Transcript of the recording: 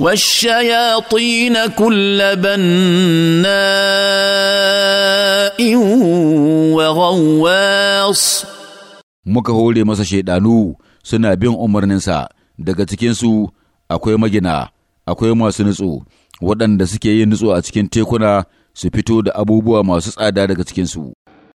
والشياطين كل بناء وغواص muka hore masa shaidanu suna bin umarninsa daga cikinsu akwai magina akwai masu nutso waɗanda suke yin nutso a cikin tekuna su fito da abubuwa masu tsada daga cikinsu